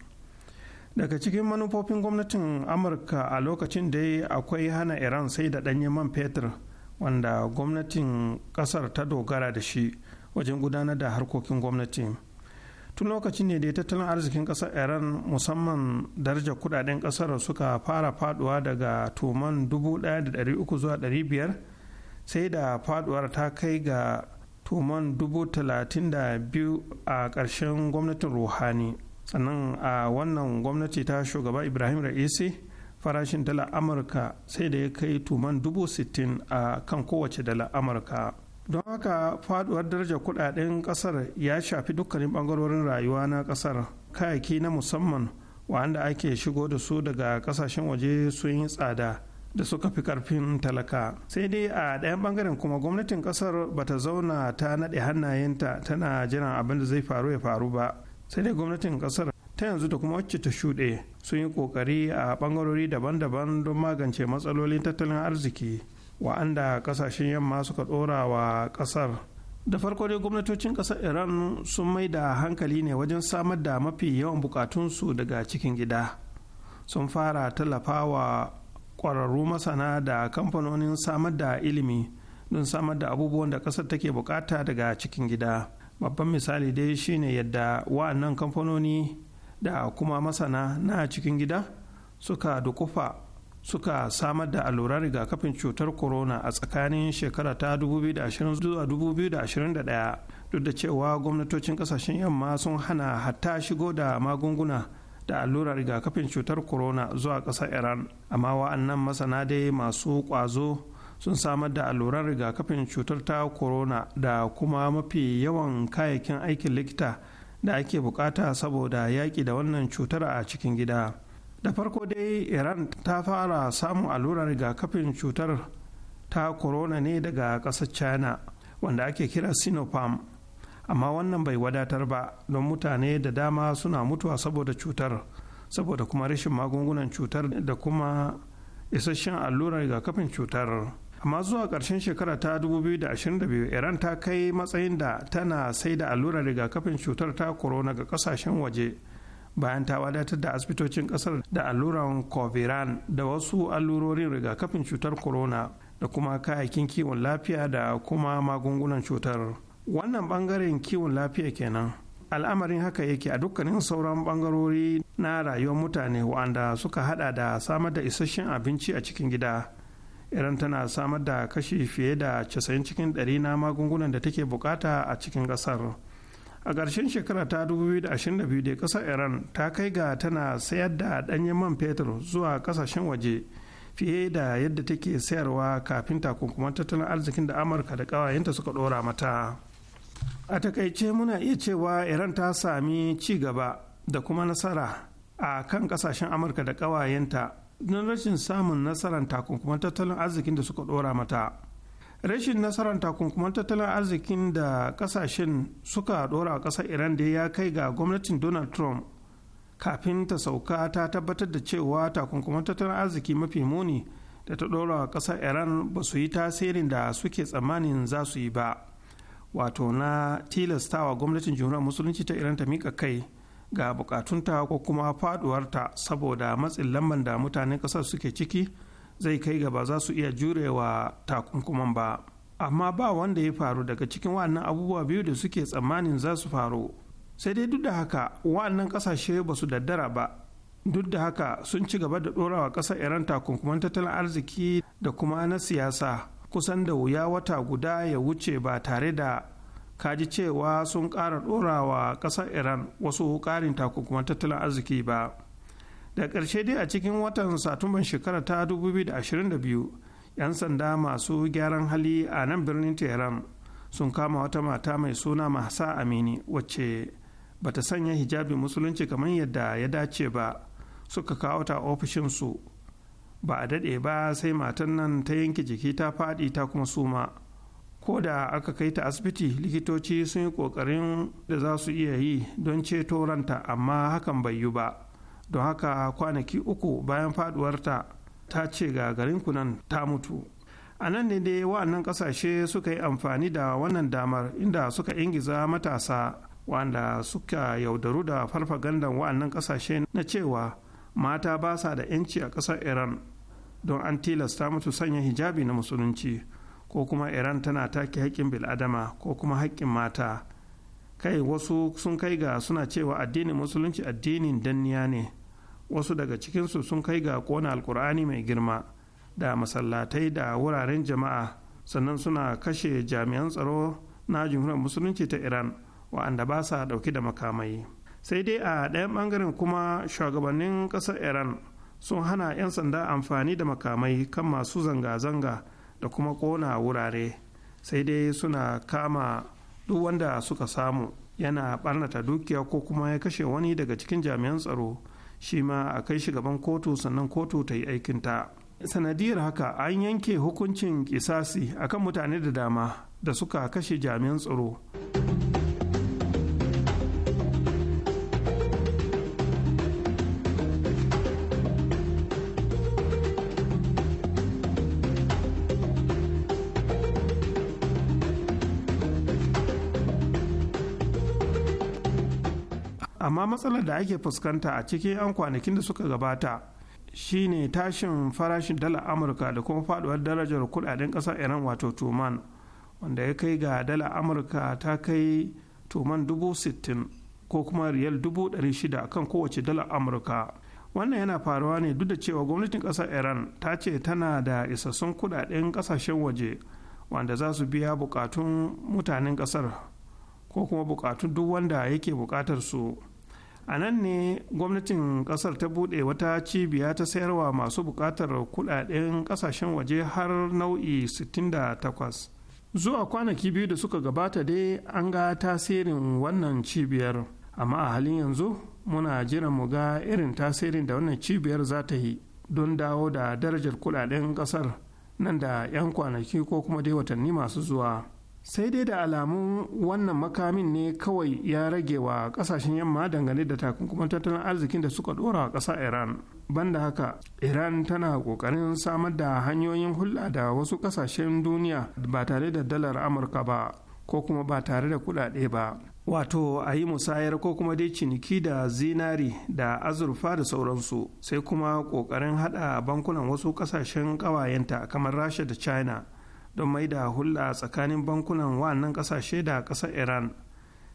daga cikin manufofin gwamnatin amurka a lokacin da akwai hana iran sai da danyen man fetur wanda gwamnatin kasar ta dogara da shi wajen gudanar da harkokin gwamnati tun lokacin ne da tattalin arzikin kasar iran musamman darajar kudaden ƙasar suka fara faduwa daga tuman 1,300 zuwa 500 sai da faduwar ta kai ga tuman 32,000 a ƙarshen gwamnatin ruhani sannan a wannan gwamnati ta shugaba ibrahim ra'isi farashin dala amurka sai da ya kai tuman dubu sittin a kan kowace dala amurka don haka faduwar darajar kudaden kasar ya shafi dukkanin bangarorin rayuwa na kasar kayaki na musamman wanda ake shigo da su daga kasashen waje sun yi tsada da suka fi karfin talaka sai dai a ɗayan bangaren kuma gwamnatin kasar bata zauna ta naɗe hannayenta tana jiran abin da zai faru ya faru ba sai dai gwamnatin kasar ta yanzu da kuma wacce ta shuɗe sun yi ƙoƙari a ɓangarori daban-daban don magance matsalolin tattalin arziki wa'anda ƙasashen yamma suka ɗora wa ƙasar da farko dai gwamnatocin ƙasar iran sun mai da hankali ne wajen samar da mafi yawan bukatunsu daga cikin gida sun fara tallafa wa ƙwararru masana da kamfanonin samar da ilimi don samar da abubuwan da ƙasar take bukata daga cikin gida babban misali dai shine yadda wa'annan kamfanoni da kuma masana na cikin gida suka dukufa suka samar da alluran rigakafin cutar corona a tsakanin shekara ta 2020 zuwa 2021 duk da cewa gwamnatocin kasashen yamma sun hana hatta shigo da magunguna da allurar rigakafin cutar corona zuwa ƙasar iran amma wa'annan masana dai masu ƙwazo sun samar da alluran rigakafin cutar ta corona da kuma mafi yawan kayayyakin aikin likita da ake bukata saboda yaƙi da wannan cutar a cikin gida da farko dai iran ta fara samun alluran rigakafin cutar ta corona ne daga ƙasar china wanda ake kira sinopharm amma wannan bai wadatar ba don mutane da dama suna mutuwa saboda cutar saboda kuma rashin magungunan cutar da kuma isasshen allurar rigakafin cutar amma zuwa ƙarshen shekara ta 2022 iran ta kai matsayin da tana sai da allurar rigakafin cutar ta corona ga kasashen waje bayan ta wadatar da asibitocin ƙasar da alluran coviran da wasu allurorin rigakafin cutar corona da kuma kayayyakin kiwon lafiya da kuma magungunan cutar wannan bangaren kiwon lafiya kenan al'amarin haka yake a dukkanin sauran bangarori na rayuwar mutane wa'anda suka hada da samar da isasshen abinci a cikin gida iran tana samar da kashi fiye da 90 cikin 100 na magungunan da take bukata a cikin kasar a ƙarshen shekara ta 2022 da ƙasar iran ta kai ga tana sayar da ɗanyen man fetur zuwa ƙasashen waje fiye da yadda take sayarwa kafin takunkuman tattalin arzikin da amurka da ƙawayenta suka ɗora mata a takaice muna iya cewa iran ta sami ci gaba da kuma nasara a kan ƙasashen amurka da ƙawayenta don rashin samun nasarar takunkuman tattalin arzikin da suka ɗora mata rashin nasarar takunkuman tattalin arzikin da kasashen suka ɗora a ƙasar iran da ya kai ga gwamnatin donald trump kafin ta sauka ta tabbatar da cewa takunkuman tattalin arziki mafi muni da ta ɗora a ƙasar iran ba su yi tasirin da suke tsammanin za su yi ba wato na tilastawa gwamnatin jumhuriyar musulunci ta iran ta miƙa kai ga bukatunta ko kuma faduwarta saboda matsin lamban da mutanen ƙasar suke ciki zai kai gaba za su iya jurewa takunkuman ba amma ba wanda ya faru daga cikin wa'annan abubuwa biyu da suke tsammanin za su faru sai dai duk da haka wa'annan ƙasashe ba su daddara ba duk da haka sun ci gaba da ɗorawa ƙasar iran takunkuman tattalin arziki da kuma na siyasa kusan da wuya wata guda ya wuce ba tare da ka ji cewa sun ƙara ɗora wa ƙasar iran wasu ƙarin takunkuman tattalin arziki ba da ƙarshe dai a cikin watan satumban shekara ta 2022 'yan sanda masu gyaran hali a nan birnin tehran sun kama wata mata mai suna mahsa amini wacce bata sanya hijabi musulunci kamar yadda ya dace ba suka kawo ta ofishinsu ba a daɗe ba sai matan nan ta yanke jiki ta faɗi ta kuma suma ko da aka kai ta asibiti likitoci sun yi ƙoƙarin da za su iya yi don ceto ranta amma hakan bai yi ba don haka kwanaki uku bayan faduwarta ta ce ga garin kunan ta mutu a nan ne dai wa'annan ƙasashe suka yi amfani da wannan damar inda suka ingiza matasa wanda suka yaudaru da farfagandan wa'annan ƙasashe na cewa mata ba sa da 'yanci a ƙasar iran don an tilasta mutu sanya hijabi na musulunci ko kuma iran tana take haƙƙin bil'adama ko kuma haƙƙin mata kai wasu sun kai ga suna cewa addinin musulunci addinin danniya ne wasu daga cikinsu sun kai ga kona alkur'ani mai girma da masallatai da wuraren jama'a sannan suna kashe jami'an tsaro na jihunan musulunci ta iran wa'anda ba sa ɗauki da makamai sai dai a ɗayan ɓangaren kuma shugabannin ƙasar iran sun hana 'yan sanda amfani da makamai kan masu zanga-zanga da kuma kona wurare sai dai suna kama duk wanda suka samu yana barnata dukiya ko kuma ya kashe wani daga cikin jami'an tsaro shi ma a kai shi gaban kotu sannan kotu ta yi aikinta sanadiyar haka an yanke hukuncin kisasi akan mutane da dama da suka kashe jami'an tsaro. amma matsalar da ake fuskanta a cikin 'yan kwanakin da suka gabata shine tashin farashin dala amurka da kuma faduwar darajar kudaden kasar iran wato tuman wanda ya kai ga dala amurka ta kai tuman dubu sittin ko kuma riyal dubu ɗari shida kan kowace dala amurka wannan yana faruwa ne duk da cewa gwamnatin kasar iran ta ce tana da isassun kudaden kasashen waje wanda za su biya bukatun mutanen kasar ko kuma bukatun duk wanda yake bukatar su a nan ne gwamnatin kasar ta buɗe wata cibiya ta sayarwa masu buƙatar kudaden ƙasashen waje har nau'i 68 zuwa kwanaki biyu da suka gabata dai an ga tasirin wannan cibiyar amma a halin yanzu muna jiran mu ga irin tasirin da wannan cibiyar za ta yi don dawo da darajar kudaden ƙasar nan da 'yan kwanaki ko kuma dai watanni masu zuwa. sai dai da alamun wannan makamin ne kawai ya rage wa kasashen yamma dangane da takunkuman tattalin arzikin da suka dora a ƙasa iran banda haka iran tana ƙoƙarin samar da hanyoyin hulɗa da wasu ƙasashen duniya ba tare da dalar amurka ba ko kuma ba tare da kuɗaɗe ba wato a yi musayar ko kuma dai ciniki da zinari da azurfa da sauransu sai kuma ƙoƙarin haɗa bankunan wasu ƙasashen ƙawayenta kamar rasha da china don mai da hulɗa tsakanin bankunan wannan ƙasashe da ƙasar iran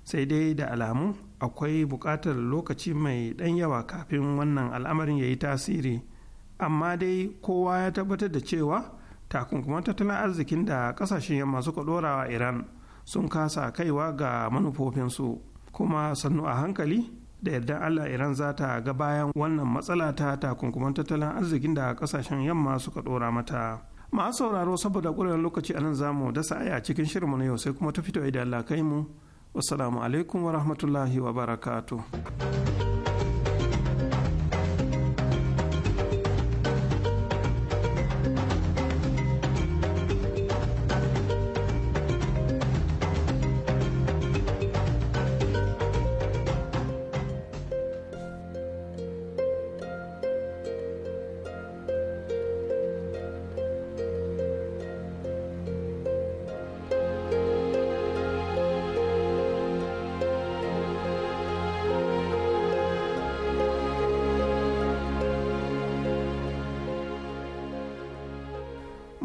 sai dai da alamu akwai buƙatar lokaci mai ɗan yawa kafin wannan al'amarin ya yi tasiri amma dai kowa ya tabbatar da cewa takunkuman tattalin arzikin da ƙasashen yamma suka ɗorawa iran sun kasa kaiwa ga manufofinsu kuma sannu a hankali da yarda allah iran za ta ga bayan wannan matsala ta takunkuman tattalin arzikin da ƙasashen yamma suka ɗora mata. masu sauraro saboda ƙurewar lokaci anan za mu dasa aya cikin shirinmu na yau sai kuma ta fito idan Allah kai mu wasu alaikum wa rahmatullahi wa barakatuh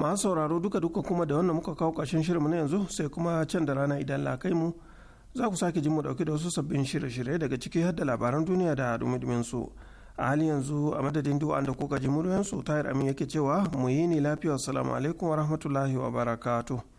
masu sauraro duka duka kuma da wannan muka kawo ƙarshen shirinmu na yanzu sai kuma can da rana idan lakai mu za ku sake jin mu dauke da wasu sabbin shirye-shirye daga ciki har da labaran duniya da dumi su a halin yanzu a madadin duk da kuka ji muryansu su tayar amin yake cewa mu yi ni lafiya assalamu alaikum wa rahmatullahi wa barakatuh